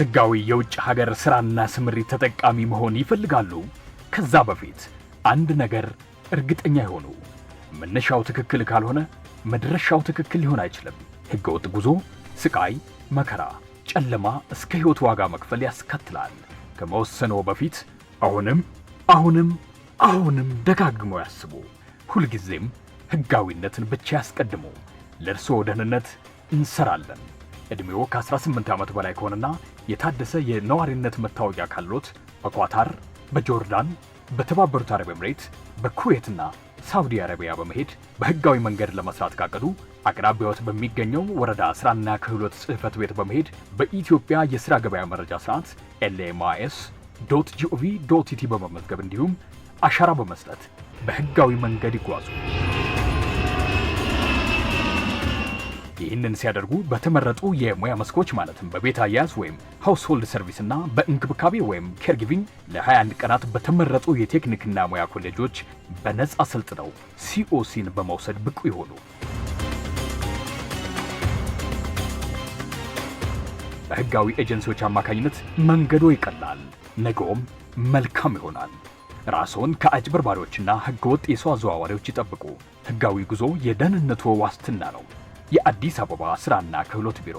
ህጋዊ የውጭ ሀገር ስራና ስምሪት ተጠቃሚ መሆን ይፈልጋሉ? ከዛ በፊት አንድ ነገር እርግጠኛ ይሆኑ። መነሻው ትክክል ካልሆነ መድረሻው ትክክል ሊሆን አይችልም። ህገወጥ ጉዞ ስቃይ፣ መከራ፣ ጨለማ እስከ ህይወት ዋጋ መክፈል ያስከትላል። ከመወሰኖ በፊት አሁንም አሁንም አሁንም ደጋግሞ ያስቡ። ሁልጊዜም ህጋዊነትን ብቻ ያስቀድሙ። ለእርስዎ ደህንነት እንሰራለን። ዕድሜዎ ከ18 ዓመት በላይ ከሆነና የታደሰ የነዋሪነት መታወቂያ ካሎት በኳታር፣ በጆርዳን፣ በተባበሩት አረብ ኤምሬት፣ በኩዌትና ሳውዲ አረቢያ በመሄድ በህጋዊ መንገድ ለመስራት ካቀዱ አቅራቢያዎት በሚገኘው ወረዳ ስራና ክህሎት ጽህፈት ቤት በመሄድ በኢትዮጵያ የስራ ገበያ መረጃ ስርዓት ኤልኤምአይኤስ ዶት ጂኦቪ ዶት ኢቲ በመመዝገብ እንዲሁም አሻራ በመስጠት በህጋዊ መንገድ ይጓዙ። ይህንን ሲያደርጉ በተመረጡ የሙያ መስኮች ማለትም በቤት አያያዝ ወይም ሃውስሆልድ ሰርቪስ እና በእንክብካቤ ወይም ኬርጊቪንግ ለ21 ቀናት በተመረጡ የቴክኒክና ሙያ ኮሌጆች በነጻ ሰልጥነው ሲኦሲን በመውሰድ ብቁ ይሆኑ። በህጋዊ ኤጀንሲዎች አማካኝነት መንገዶ ይቀላል፣ ነገውም መልካም ይሆናል። ራስዎን ከአጭበርባሪዎችና ህገወጥ የሰው አዘዋዋሪዎች ይጠብቁ። ህጋዊ ጉዞ የደህንነቱ ዋስትና ነው። የአዲስ አበባ ስራና ክህሎት ቢሮ